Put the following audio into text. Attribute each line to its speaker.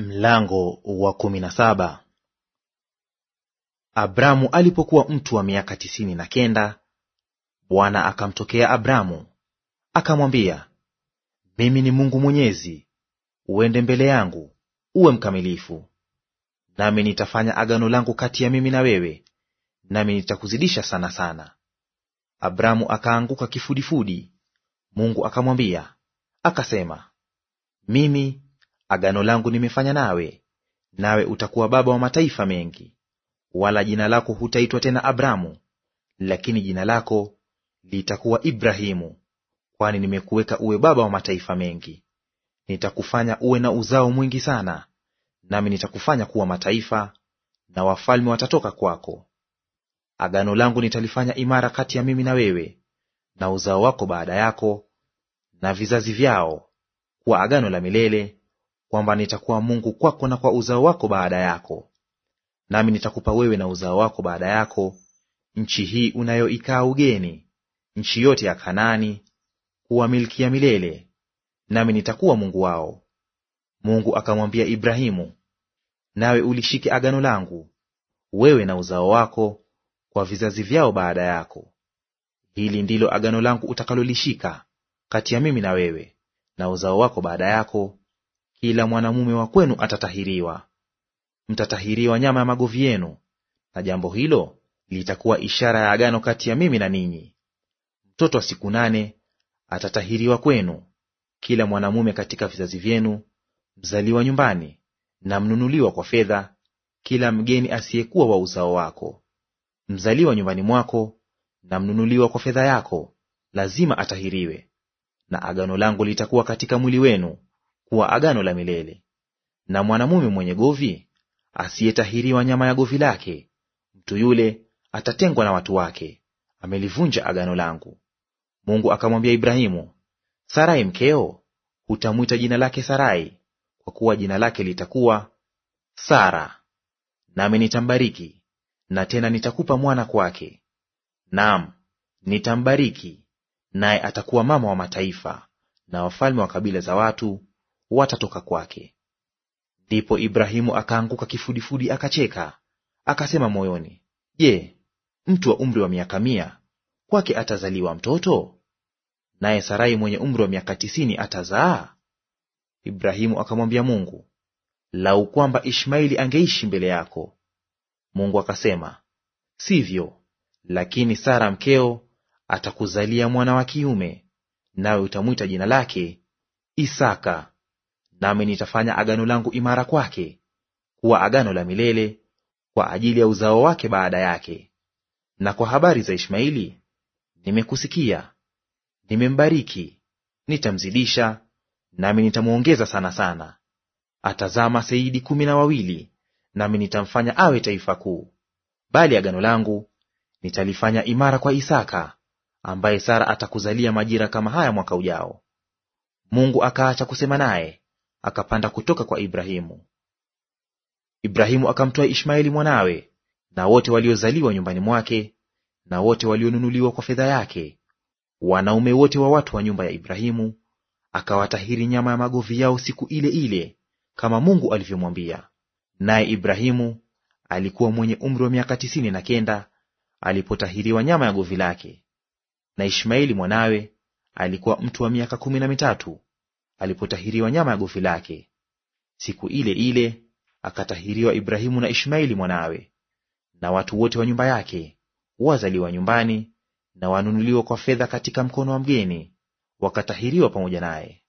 Speaker 1: Mlango wa kumi na saba. Abramu alipokuwa mtu wa miaka tisini na kenda, Bwana akamtokea Abramu akamwambia, mimi ni Mungu Mwenyezi, uende mbele yangu uwe mkamilifu, nami nitafanya agano langu kati ya mimi na wewe, nami nitakuzidisha sana sana. Abramu akaanguka kifudifudi, Mungu akamwambia akasema, mimi agano langu nimefanya nawe, nawe utakuwa baba wa mataifa mengi. Wala jina lako hutaitwa tena Abramu, lakini jina lako litakuwa Ibrahimu, kwani nimekuweka uwe baba wa mataifa mengi. Nitakufanya uwe na uzao mwingi sana, nami nitakufanya kuwa mataifa, na wafalme watatoka kwako. Agano langu nitalifanya imara kati ya mimi na wewe na uzao wako baada yako na vizazi vyao, kwa agano la milele kwamba nitakuwa Mungu kwako na kwa uzao wako baada yako, nami nitakupa wewe na uzao wako baada yako nchi hii unayoikaa ugeni, nchi yote ya Kanaani, kuwa milki ya milele, nami nitakuwa Mungu wao. Mungu akamwambia Ibrahimu, nawe ulishike agano langu, wewe na uzao wako kwa vizazi vyao baada yako. Hili ndilo agano langu utakalolishika kati ya mimi na wewe na uzao wako baada yako kila mwanamume wa kwenu atatahiriwa. Mtatahiriwa nyama ya magovi yenu, na jambo hilo litakuwa ishara ya agano kati ya mimi na ninyi. Mtoto wa siku nane atatahiriwa kwenu, kila mwanamume katika vizazi vyenu, mzaliwa nyumbani na mnunuliwa kwa fedha, kila mgeni asiyekuwa wa uzao wako, mzaliwa nyumbani mwako na mnunuliwa kwa fedha yako, lazima atahiriwe. Na agano langu litakuwa katika mwili wenu kuwa agano la milele. Na mwanamume mwenye govi asiyetahiriwa nyama ya govi lake, mtu yule atatengwa na watu wake, amelivunja agano langu. Mungu akamwambia Ibrahimu, Sarai mkeo hutamwita jina lake Sarai, kwa kuwa jina lake litakuwa Sara, nami nitambariki, na tena nitakupa mwana kwake. Naam, nitambariki, naye atakuwa mama wa mataifa, na wafalme wa kabila za watu watatoka kwake. Ndipo Ibrahimu akaanguka kifudifudi, akacheka, akasema moyoni, Je, mtu wa umri wa miaka mia kwake atazaliwa mtoto? Naye Sarai mwenye umri wa miaka tisini atazaa? Ibrahimu akamwambia Mungu, lau kwamba Ishmaeli angeishi mbele yako. Mungu akasema, sivyo, lakini Sara mkeo atakuzalia mwana wa kiume, nawe utamwita jina lake Isaka, Nami nitafanya agano langu imara kwake kuwa agano la milele kwa ajili ya uzao wake baada yake. Na kwa habari za Ishmaeli, nimekusikia, nimembariki, nitamzidisha, nami nitamwongeza sana sana. atazama seidi kumi na wawili, nami nitamfanya awe taifa kuu. Bali agano langu nitalifanya imara kwa Isaka, ambaye Sara atakuzalia majira kama haya mwaka ujao. Mungu akaacha kusema naye, akapanda kutoka kwa Ibrahimu. Ibrahimu akamtoa Ishmaeli mwanawe na wote waliozaliwa nyumbani mwake na wote walionunuliwa kwa fedha yake, wanaume wote wa watu wa nyumba ya Ibrahimu, akawatahiri nyama ya magovi yao siku ile ile, kama Mungu alivyomwambia. Naye Ibrahimu alikuwa mwenye umri wa miaka tisini na kenda alipotahiriwa nyama ya govi lake, na Ishmaeli mwanawe alikuwa mtu wa miaka kumi na mitatu alipotahiriwa nyama ya gofi lake. Siku ile ile akatahiriwa Ibrahimu na Ishmaeli mwanawe na watu wote wa nyumba yake, wazaliwa nyumbani na wanunuliwa kwa fedha katika mkono wa mgeni, wakatahiriwa pamoja naye.